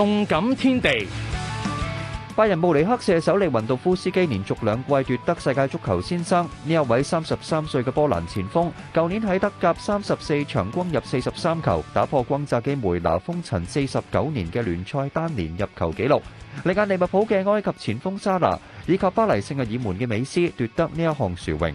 動感天地，拜仁慕尼黑射手利雲度夫斯基連續兩季奪得世界足球先生。呢一位三十三歲嘅波蘭前鋒，舊年喺德甲三十四場攻入四十三球，打破轟炸機梅拿封塵四十九年嘅聯賽單年入球紀錄。力壓利物浦嘅埃及前鋒沙拿，以及巴黎聖日耳門嘅美斯奪得呢一項殊榮。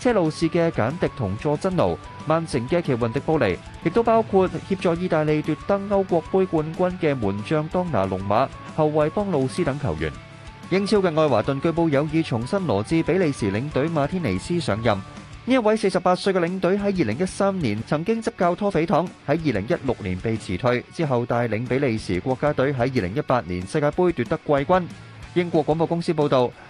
車路士嘅簡迪同佐真奴、曼城嘅奇雲迪布尼，亦都包括協助意大利奪得歐國盃冠軍嘅門將當拿龍馬、後衛邦路斯等球員。英超嘅愛華頓據報有意重新羅致比利時領隊馬天尼斯上任，呢一位四十八歲嘅領隊喺二零一三年曾經執教拖肥糖，喺二零一六年被辭退之後帶領比利時國家隊喺二零一八年世界盃奪得季軍。英國廣播公司報道。